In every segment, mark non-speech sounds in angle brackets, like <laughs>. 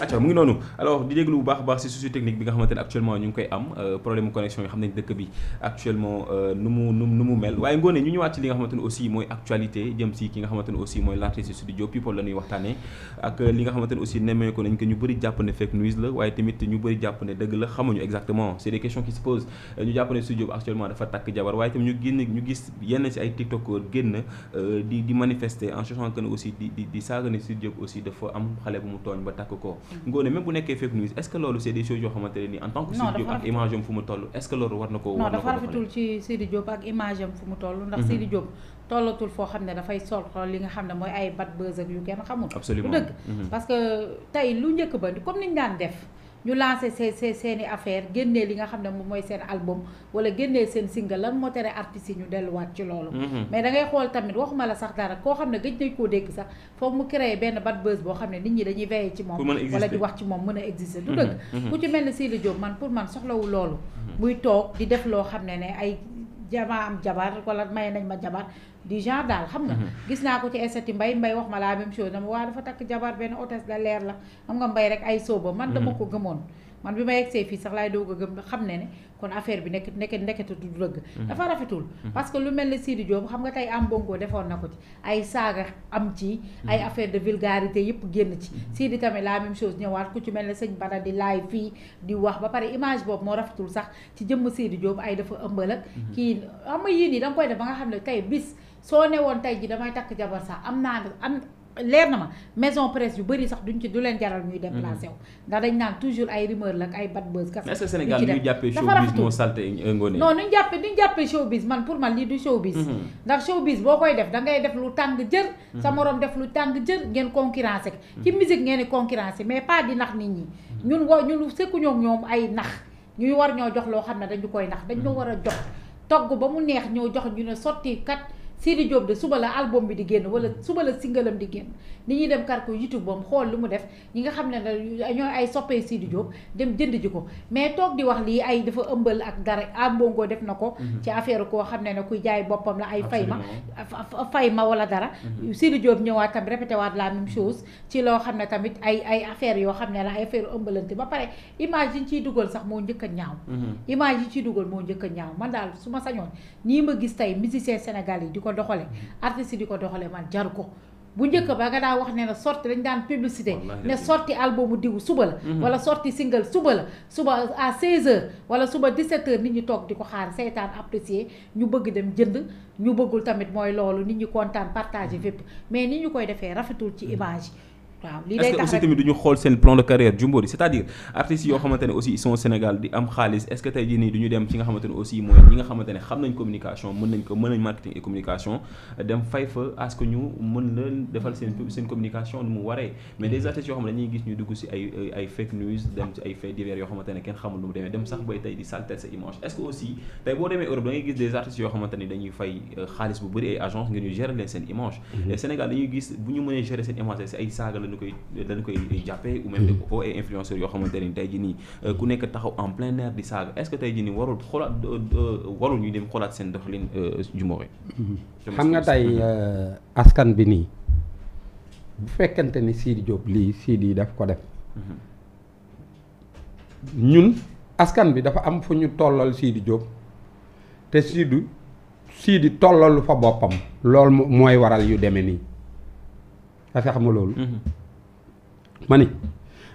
acca mu ngi noonu alors di déglu bu baax a baax si souci technique bi nga xamante ne actuellement ñu ngi koy am euh, problème connexion yi xam actuellement euh, nu mu nu nu mu mel waaye ngoone ñu ñëwaat ci li nga xamante ne aussi mooy actualité jëm si ki nga xamante ne aussi mooy l'artiste studio people la ñuy waxtaanee ak euh, li nga xamante aussi nemmee ko nañ ko ñu bëri jàpp ne fake news la waaye tamit ñu bëri jàpp ne dëgg la xamuñu exactement c'est des questions qui se posent ñu jàpp ne studio bi actuellement dafa takk jabar waaye tamit ñu génn ñu gis yenn si dafa am xale mu tooñ ba takk ko Ngoné même bu nekkee fake news est ce que loolu yoo xamante nii en tant que Sidi Diop ak image fu mu toll ndax mhm. Sidi Diop tollatul foo xam ne dafay sol li nga xam ne mooy ay bad buzz ak yu kenn xamul absolument du dëgg mhm. parce lu njëkk ba comme niñ daan def ñu lancé seen seen seen i affaire génnee li nga xam ne moom mooy seen album wala génnee seen single lan moo tere artistes yi ñu delluwaat ci loolu mm-hmm. mais da xool tamit waxuma la sax dara koo xam ne gëj nañ koo dégg sax foog mu créé benn bad buzz boo xam ne nit ñi dañuy veillé ci moom wala di wax ci moom mën a exister du dëgg mm-hmm. Mm-hmm. ku ci mel ni Sidi Diop man pour man soxlawu loolu muy toog di def loo xam ne ne ay jamaa am jabar wala may nañ ma jabar di genre daal xam nga mhm. gis naa ko ci estati mbay mbay wax ma laa même chose dama waa dafa takk jabar benn hôtesse de leer la xam nga mbay rek ay sooba man dama mhm. ko gëmoon man bi ma yegsee fii sax laay doog a gëm xam ne ne kon affaire bi nekk nekke ndekete du dëgg mhm. dafa rafetul mhm. parce que lu mel ne Sidi Diop xam nga tey am bongo defoon na ko ci ay saaga am ci mhm. ay affaire de vulgarité yëpp génn ci Sidi tamit la même chose ñëwaat ku ci mel ne sëñ Bada di laay fii di wax ba pare image boobu moo rafetul sax ci jëmm Sidi Diop ay dafa ëmbal ak kii xam nga yii nii da nga koy def ba nga xam ne tey bis soo newoon tey ji damay takk jabar sax am naa am leer na ma maison presse yu bëri sax duñ ci du leen jaral ñuy mhm. déplacé wu. ndax dañ naan toujours ay rumeur la ak ay bad buzz. kese est ce que Sénégal ñu jàppee showbiz moo salté ngone. non ñu jàppee ñu man pour man lii du showbiz. Mhm. ndax showbiz boo koy def da ngay def lu tàng jër. Mhm. sa morom def lu tàng jër ngeen concurrencé ci musique ngeen di concurrencé mais pas di nax nit ñi. ñun woo ñun sëkkuñoo ak ñoom ay nax ñuy war ñoo jox loo xam ne dañu koy nax dañu war a jox togg ba mu neex ñoo jox ñu ne sotti kat. Sidi Diop de suba la album bi di génn wala suba la singalam di génn ni ñuy dem kar ko YouTube bam xool lu mu def ñi nga xam ne ñooy ay soppee Sidi Diop dem jënd ji ko mais toog di wax lii ay dafa ëmbal ak dara ambongoo def na ko mhm. ci affaire koo xam ne ne kuy jaay boppam la ay fayma fayma wala dara mhm. Sidi Diop ñëwaat tamit répété waat la ci loo xam ne tamit ay ay affaire yoo xam ne la ay affaire ëmbalante ba pare image yi ciy dugal sax moo njëkk a ñaaw mhm. image yi ciy dugal moo njëkk a ñaaw man daal su ma sañoon nii ma gis tey musicien Sénégal yi ko doxale artistes yi di ko doxale man jaru ko bu njëkk ba nga daa wax ne na sorti dañ daan publicité ne sorti albumu diw suba la mhm. wala sorti single suba la suba à 16 heures wala suba 17 heures nit ñi toog di ko xaar seetaan apprécier ñu bëgg dem jënd ñu bëggul tamit mooy loolu nit ñi kontaan partagé mhm. fépp mais ni ñu koy defee rafetul ci mhm. image yi waaw lii day tax rek est-ce que aussi tamit du ñu xool seen plan de carrière jumbo di c'est-à-dire artistes yoo xamante ne aussi ils sont au Sénégal di am xaalis est-ce que tey jii nii du ñu dem ci nga xamante ne aussi mooy ñi nga xamante ne xam nañ communication mën nañ ko mën nañ marketing et communication dem fay fa à ce que ñu mën leen defal seen seen communication nu mu waree mais des artistes yoo xam ne dañuy gis ñu dugg ci ay ay fake news dem ci ay faits divers yoo xamante ne kenn xamul lu mu demee dem sax bay tey di salter sa image est-ce que aussi tey boo demee Europe da ngay gis des artistes yoo xamante ne dañuy fay euh, xaalis bu bëri ay agence ngir ñu gérer leen seen image mm-hmm. et Sénégal dañuy gis bu ñu mënee gérer seen image ci ay saaga la dañu koy dañu koy jàppee ou même o hmm. et yoo xamante ni tey ji nii euh, ku nekk taxaw en plein air di saaga est-ce que tey ji nii warul euh, euh, warul ñu dem xoolaat seen doxalin jumóore hmm. xam nga tey <laughs> askan bi nii bu fekkente ni Sidi Diop lii Sidi daf ko def hmm. ñun askan bi dafa am fu ñu tollal Sidi Diop te Sidi Sidi tollalu fa boppam loolu mooy waral yu demee nii parce que xam loolu ma ni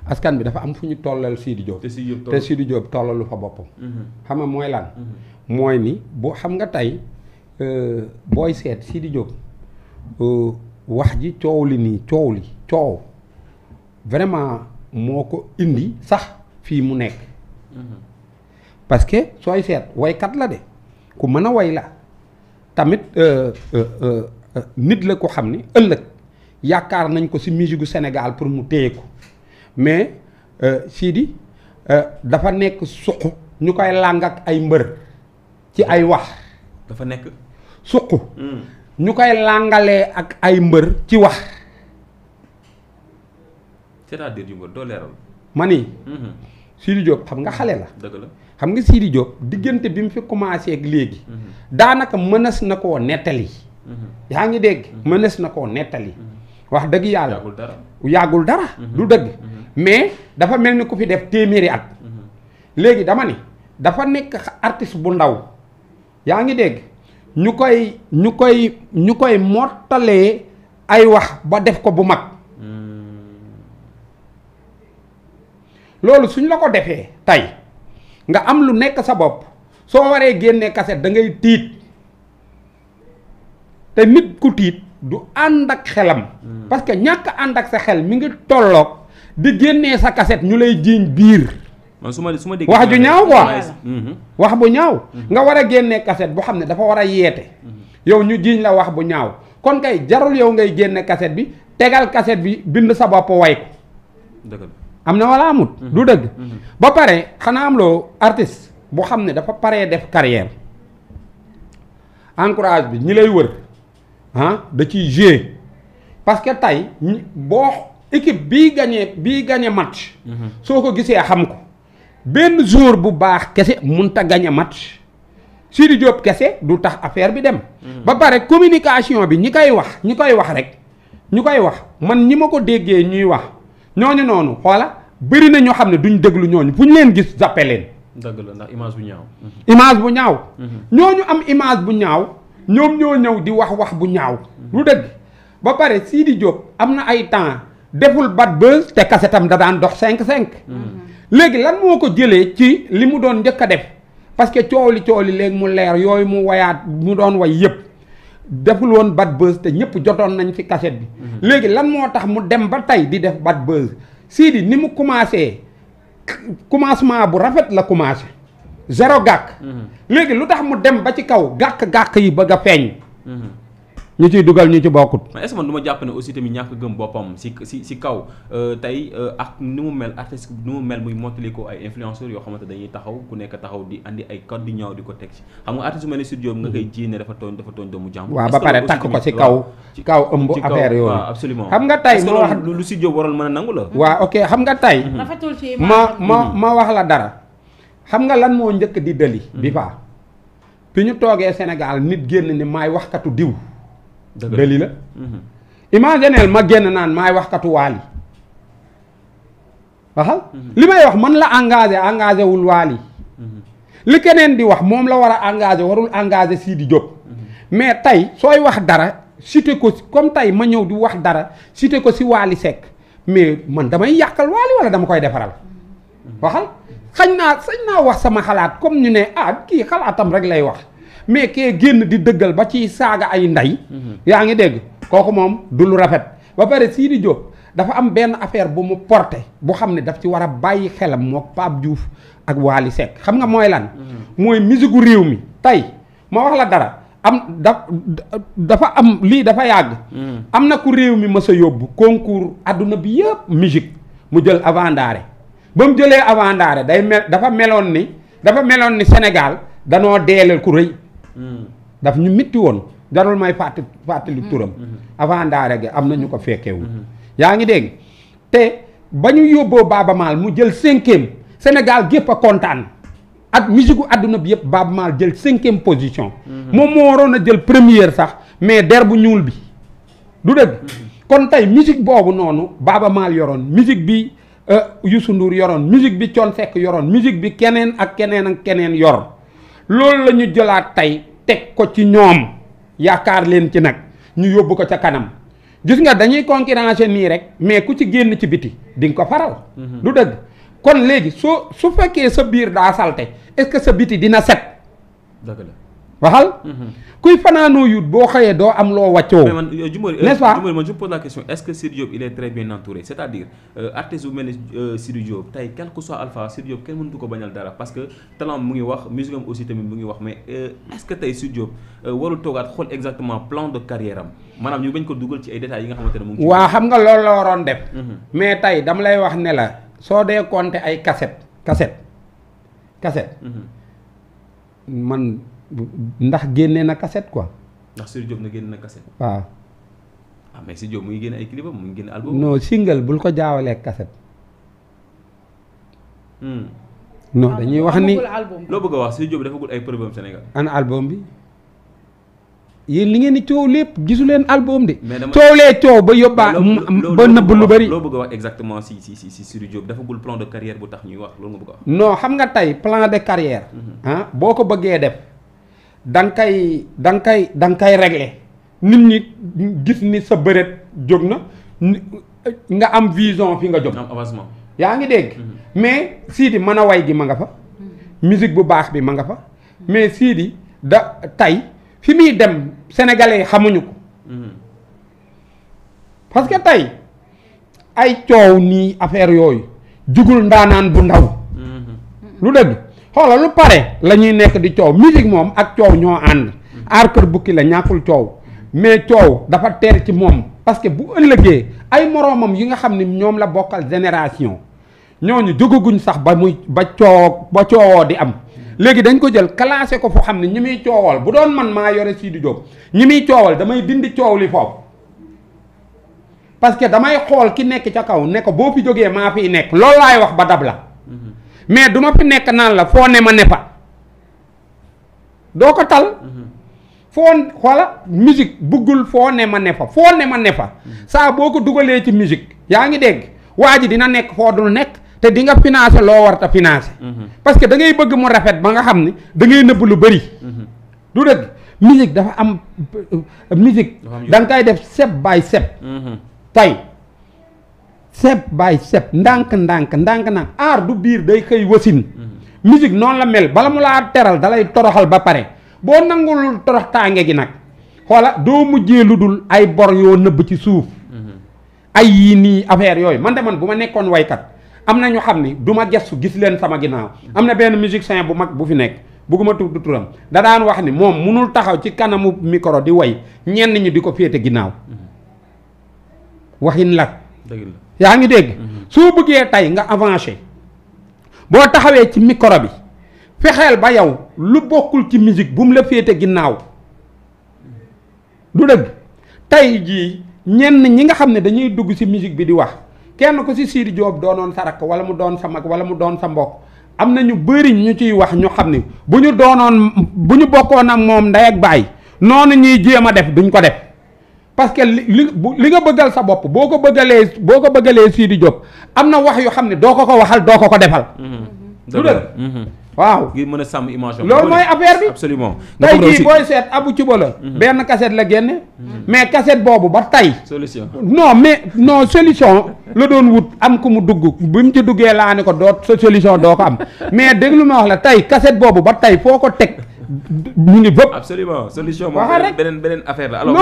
askan bi dafa am fu ñu tollal Sidi Diop. te Sidi Diop tollalu fa boppam. Mhm. xam nga mooy lan. Mhm. mooy ni boo xam nga tey euh, booy seet Sidi Diop euh, wax ji coow li nii coow li coow vraiment moo ko indi sax fii mu nekk. Mhm. parce que sooy seet woykat la de ku mën a woy la tamit euh, nit la ko xam ni ëllëg. yaakaar nañ ko si musique gu pour mu téye ko mais euh, Sidi euh, dafa nekk suq ñu koy làng ay mbër ci ay wax. dafa nekk suq. Hmm. ñu koy làngalee ak ay mbër ci wax. c'est-à-dire yu ma ni. Hmm. Sidi Diop xam nga xale la. la xam nga Sidi Diop diggante bi mu fi commencé ak léegi. Hmm. daanaka mënees na koo nettali. yaa ngi dégg mënees na koo nettali. wax dëgg yàlla yàggul dara yàggul dara mhm. du dëgg mhm. mais dafa mel ni ku fi def téeméeri at mhm. léegi dama ni dafa nekk artiste bu ndaw yaa ngi dégg ñu koy ñu koy ñu koy mottalee ay wax ba def ko bu mag loolu suñ la ko defee tey nga am lu nekk sa bopp soo waree génnee kaset da ngay tiit te nit ku tiit du ànd ak xelam. Hmm. parce que ñàkk ànd ak sa xel mi ngi tolloog di génnee sa kaset ñu lay jiiñ biir. man su ma wax ju ñaaw ko hmm. wax bu ñaaw. Hmm. nga war a génnee kaset bu xam ne dafa war a yeete. yow ñu jiiñ la wax bu ñaaw kon kay jarul yow ngay génne kaset bi tegal kaset bi bind sa bopp way ko. am na wala amut. du dëgg. ba pare xanaa am loo artiste bu xam ne dafa pare def carrière encourage bi ñi lay wër. da ci joué parce que tey boo équipe bii gagné bii gagné match. Mhm. soo ko gisee xam ko benn jour bu baax kese mënut ta gagné match Sidi Diop kese du tax affaire bi dem. Mhm. ba pare communication bi ñi koy wax ñi koy wax rek ñu koy wax man ñi ma ko déggee ñuy wax ñooñu noonu xoola bëri na ñoo xam ne duñ déglu ñooñu fu ñu leen gis jàppe leen. dëgg ndax image bu ñaaw. image bu ñaaw. Mhm. am image bu ñaaw. ñoom ñoo ñëw di wax wax bu ñaaw. lu dëgg ba pare Sidi Diop am na ay temps deful bat buzz te kasetam da daan dox 5-5. Mm-hmm. léegi lan moo ko jëlee ci li mu doon njëkk a def parce que coow li coow li léegi mu leer yooyu mu wayaat mu doon way yëpp deful woon bad buzz te ñëpp jotoon nañ ci kaset bi. Mm-hmm. léegi lan moo tax mu dem ba tey di def bat bad buzz Sidi ni mu commencé commencement bu rafet la commencé. zéro gàkk. Mhm. léegi lu tax mu dem ba ci kaw gàkk-gàkk yi bëgg a feeñ. Mhm. ñu ciy dugal ñu ci bokkut. mais est-ce que man du ma jàpp ne aussi tamit ñàkk gëm boppam si si si kaw euh, tey euh, ak ni mu mel artiste ni mu mel muy mottali ko ay influenceurs yoo xamante dañuy taxaw ku nekk taxaw di andi ay kàddu ñaaw di ko teg ci xam nga artiste mel ni studio nga koy mhm. ji ne dafa tooñ dafa tooñ doomu jàmm. waaw ba pare takk ko si kaw ci kaw ëmb affaire yooyu. waaw absolument xam nga tey moo wax lu studio waroon mën a nangu la. waaw ok xam nga tey. rafetul ma ma ma wax la dara. xam nga lan moo njëkk di dëli hmm. bi baa bi ñu toogee Sénégal nit génn ni maay waxkatu diw dëli la hmm. imagineel ma génn naan maay waxkatu waali waxal hmm. li may wax man la engagé engagé wul waali li keneen di wax moom la war a engagé warul engagé di Diop mais tey sooy wax dara cité ko comme tey ma ñëw di wax dara cité ko si Waly Seck mais man damay yàqal Waly wala dama koy defaral waxal xañ naa sañ wax sama xalaat comme ñu ne ah kii xalaatam rek lay wax mais kee génn di dëggal ba ci saaga ay ndey. Mm-hmm. yaa ngi dégg kooku moom du lu rafet. ba pare Sidi Diop dafa am benn affaire bu mu porté bu xam ne daf ci war a bàyyi xelam moog Pape Diouf ak Waly Seck xam nga mooy lan. Mm-hmm. mooy musique réew mi tey ma wax la dara. am da dafa am lii dafa yàgg. Mm-hmm. am na ku réew mi mës a yóbbu concours adduna bi yëpp musique mu jël avant ba mu jëlee avant ndaare day mel dafa meloon ni dafa meloon ni Sénégal danoo deelal ku rëy. Hmm. daf ñu mitti woon darul may fàttali fàttali hmm. turam. avant ndaare gi am na ñu ko hmm. fekkewul yaa ngi dégg te ba ñu yóbboo Baaba Maal mu jël cinquième Sénégal gépp a kontaan ak musique àdduna bi yëpp Baaba Maal jël cinquième position. moom moo waroon a jël première sax mais der bu ñuul bi du dëgg. kon tey musique boobu noonu Baaba Maal yoroon musique bi. Euh, Youssou Ndour yoroon musique bi Thione fekk yoroon musique bi keneen ak keneen ak keneen yor loolu lañu jëlaat tey teg ko ci ñoom yaakaar leen ci nag ñu yóbbu ko ca kanam gis nga dañuy concurrencer nii rek mais ku ci génn ci biti di nga ko faral. Mhm. du dëgg kon léegi soo su fekkee sa biir daa salte est sa biti dina set. dëgg la. waxal. Mhm. kuy fanaanoo yut boo xëyee doo am loo wàccoo. mais man Dioumbory euh, euh, n'est-ce pas Dioumbory man je pose la question est-ce que Sidy Diop il est très bien entouré c'est-à-dire euh, artiste bu mel ni Sidy Diop tey quel soit alpha Sidy Diop kenn mënatu ko bañal dara parce que talent mu ngi wax musique am aussi tamit mu ngi wax mais est-ce que tey warul toogaat xool exactement plan de carrière am maanaam ñu bañ ko dugal ci ay détails yi nga xamante ne mu ngi. waaw xam mhm. wax ne la soo dee compter ay cassette cassette cassette mhm. ndax génne na cassette quoi. ndax Sidy Diop na génne na cassette. waaw. ah mais Sidy Diop mu ngi génne ay clip mu ngi génne album. non single bul ko jaawalee ak cassette. Hmm. non dañuy wax ni loo bëgg a wax Sidy Diop defagul ay problème Sénégal. ana album bi. yéen li ngeen di coow lépp gisu leen album de. mais dama coowlee coow ba yóbbaa ba nëbb lu bari. loo bëgg wax exactement si si si si Sidy Diop plan de carrière bu tax ñuy wax loolu nga bëgg a wax. non xam nga tey plan de carrière. Mhm. ah boo ko bëggee def. da kay koy da nga koy da koy régler nit ñi gis ni sa bëreet jóg na nga am vision fi nga jóg. am avancement yaa ngi dégg. Mhm. mais Sidi mën a way gi ma nga fa. Mhm. musique bu baax bi ma nga fa. Mhm. mais Sidi da tey fi muy dem sénégalais yi xamuñu ko. parce que tey ay coow nii affaire yooyu jugul ndaanaan bu ndaw. lu dëgg. xoolal lu pare la ñuy nekk di coow musique moom ak coow ñoo ànd aar kër bukki la ñàkkul coow mais coow dafa teer ci moom parce que bu ëllëgee ay moroomam yi nga xam ni ñoom la bokkal génération ñooñu jógaguñ sax ba muy ba coow ba coowoo di am léegi dañ ko jël classé ko fu xam ne ñi muy coowal bu doon man maa yore di Diop ñi muy coowal damay dindi coow li foofu parce que damay xool ki nekk ca kaw ne ko boo fi jógee maa fiy nekk loolu laay wax ba dab la mais du ma fi nekk naan la foo ne ma ne fa doo ko tal. Mhm. foo xoola musique bëggul foo ne ma ne fa foo ne ma ne fa mhm. saa boo ko dugalee ci musique yaa ngi dégg waa ji dina nekk foo dul nekk te di nga financé loo war ta financé mhm. parce que da ngay bëgg mu rafet ba nga xam ni da ngay nëbb lu bëri du dëgg musique dafa am musique da nga koy def step by step tey step by step ndànk ndànk ndànk ndànk aar du biir day xëy wasin mhm. musique noonu la mel bala mu laa teral dalay toroxal ba pare boo nangulul toroxtaange gi nag xoola doo mujjee lu dul ay bor yoo nëbb ci suuf mhm. ay yii nii affaire yooyu man de man bu ma nekkoon waykat am na ñu xam ni du ma gestu gis leen sama ginnaaw mhm. am na benn musicien bu mag bu fi nekk bëgguma tudd turam da daan wax ni moom munul taxaw ci kanamu micro di way ñenn ñi di ko féete ginnaaw waxin la la yaa ngi dégg soo buggee tey nga avancé boo taxawee ci micro bi fexeel ba yow lu bokkul ci musique bu mu la féete ginnaaw du dëgg tey jii ñenn ñi nga xam ne dañuy dugg ci musique bi di wax kenn ko ci Sidy Diop doonoon sa rakk walla mu doon sa mag walla mu doon sa mbokk am na ñu bëri ñu ciy wax ñu xam ni bu ñu doonoon bu ñu bokkoon ak moom ndey ak baay noonu ñuy jéema def duñ ko def parce que li li nga bëggal sa bopp boo ko bëggalee boo ko bëggalee di Diop am na wax yoo xam ne doo ko ko waxal doo ko ko defal. Mm-hmm. du dëgg mm-hmm. mm-hmm. waaw ngir mën a sàmm image loolu mooy affaire bi absolument tey jii booy seet abu cuba la benn cassette la génne mais cassette boobu ba tey solution non mais no solution la doon wut am ku mu dugg bi mu ci duggee laa ne ko doo sa solution doo ko am <laughs> mais déglu ma wax la tey cassette boobu ba tey foo ko teg ñu ngi fépp. absolument solution moom beneen beneen affaire la. alors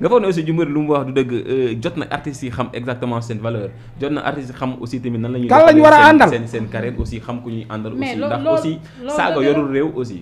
nga foog ne aussi ju lu mu wax du dëgg euh, jot na artistes yi xam exactement seen valeur jot na artistes yi xam aussi tamit nan la ñuy. kan a àndal seen aussi xam ku ñuy àndal. aussi ndax aussi saaga yorul réew aussi.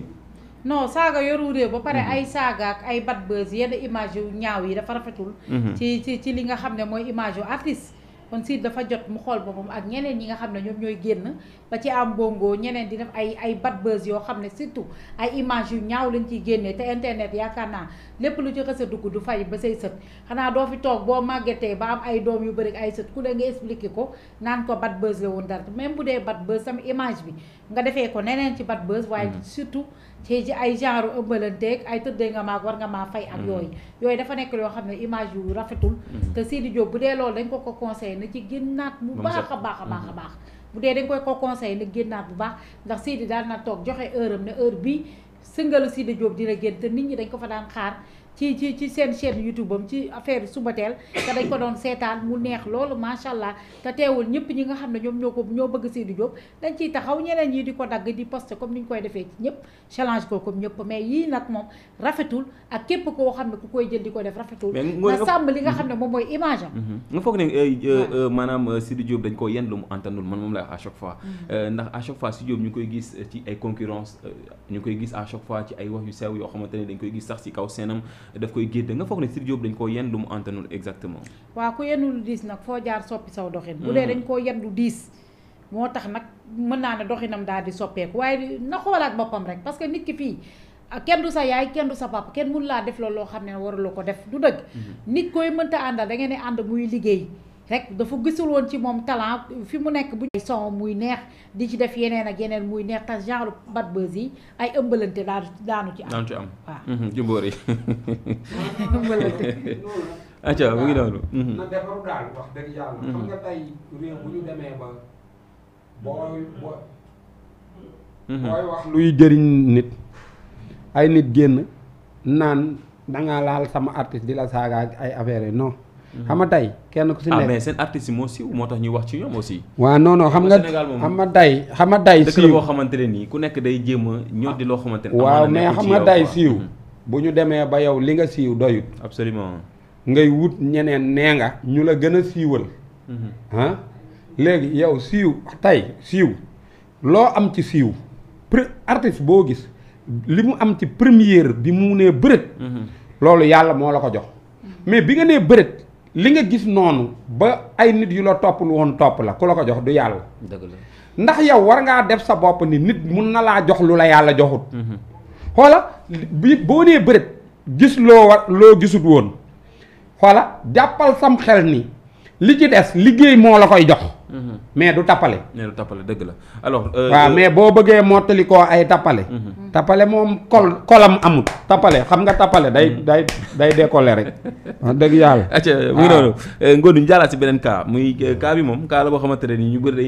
non saaga yoru réew ba pare mhm. ay saaga ak ay bad buzz yenn image yu ñaaw yi dafa rafetul. Mhm. ci ci ci li nga xam ne mooy image yu artiste. kon siid dafa jot mu xool boppam ak ñeneen ñi nga xam ne ñoom ñooy génn ba ci am bongo ñeneen di def ay ay bad buzz yoo xam ne surtout ay image yu ñaaw lañ ciy génnee te internet yaakaar naa lépp lu ci sa a dugg du fay ba say sët xanaa doo fi toog boo màggetee ba am ay doom yu bëri ay sët ku ne nga expliqué ko naan ko bad buzz la woon dara même bu dee bad buzz sama image bi nga defee ko neneen ci bad buzz waaye mm. surtout ci ci ay genre ëmbalanteeg ay tëddee nga maag war nga maa fay ak mm. yooyu yooyu dafa nekk yoo xam ne image yu rafetul mm. te Sidi Diop bu dee loolu dañ ko ko conseillé na ci génnaat a baax baax a mm-hmm. baax bu dee dañ koy ko conseillé na génnaat bu baax ndax Sidi daal na toog joxe heure am ne heure bii sëngalu siidi Diop dina génn te nit ñi dañ ko fa daan xaar ci ci ci seen chaîne YouTube am ci affaire suba teel te dañ ko doon seetaan mu neex loolu macha allah te teewul ñëpp ñi nga xam ne ñoom ñoo ko ñoo bëgg Sidy Diop dañ ciy taxaw ñeneen ñi di ko dagg di poste comme ni ñu koy defee ci ñëpp challenge ko comme ñëpp mais yii nag moom rafetul ak képp koo xam ne ku koy jël di ko def rafetul na sàmm li nga xam ne moom mooy image am mhm. nga foog ne euh, euh, euh, maanaam Sidy Diop dañ ko yenn lu mu antanul man moom la à chaque fois mhm. ndax à chaque fois Sidy Diop ñu koy gis ci ay concurrence ñu koy gis à chaque fois ci ay wax yu sew yoo xamante ne dañ koy gis sax si kaw seenam daf koy gétte nga foog ne Sidy Diop dañ koo yenn lu mu antanul exactement waa ku yenn lu diis nag foo jaar soppi saw doxin bu mm. dee dañ koo yenn lu diis moo tax nag mën naa ne doxinam daal di soppeeku waaye na xoolaat boppam rek parce que nit ki fii ah, kenn du sa yaay kenn du sa papa kenn mënu laa def la loo xam ne waruloo ko def du dëgg mm-hmm. nit koy mënta àndal da ngeen ne ànd muy liggéey rek dafa gisul ci moom talent fi mu nekk bu ay son muy neex di ci def yeneen ak yeneen muy neex te genre bad buzz yi ay ëmbalante daanu ci am daanu ci luy jëriñ nit ay nit génn naan danga laal sama artiste di la saaga ak ay affaire yi Mm-hmm. xam a tey kenn ku si ah, nekk. seen artistes yi moo siiw moo tax ñuy wax ci ñoom aussi. waaw non non xam nga xam nga tey xam nga la boo xamante ne nii ku nekk day jéem a ñor xamante ne. waaw mais xam nga tey siiw. Mm-hmm. bu ñu demee ba yow li nga siiw doyut. absolument ngay wut ñeneen nee nga. ñu la gën a siiwal. ah léegi yow siiw tey siiw loo am ci siiw pre boo gis li mu am ci première bi mu nee bërët. loolu yàlla moo la ko jox. mais bi nga nee bërët. li nga gis noonu ba ay nit yu la toppul woon topp la ku la ko jox du yàlla. dëgg ndax yow war ngaa def sa bopp ni nit mun na laa jox lu la yàlla joxut. Mhm. xoola bi boo nee bërët gis loo war loo gisut woon xoola jàppal sam xel ni li ci des liggéey moo la koy jox. mais du tappale mais du tappale dëgg la alors. Euh, waaw euh, mais boo bëggee mottali koo ay tappale mhm. tappale moom kol kolam amut tappale xam nga tappale day mhm. day day décoller rek wax dëgg yàlla. acca muy noonu euh, Ngoné ñu jàllaat si beneen cas muy cas bi moom cas la boo xamante ne nii ñu bëri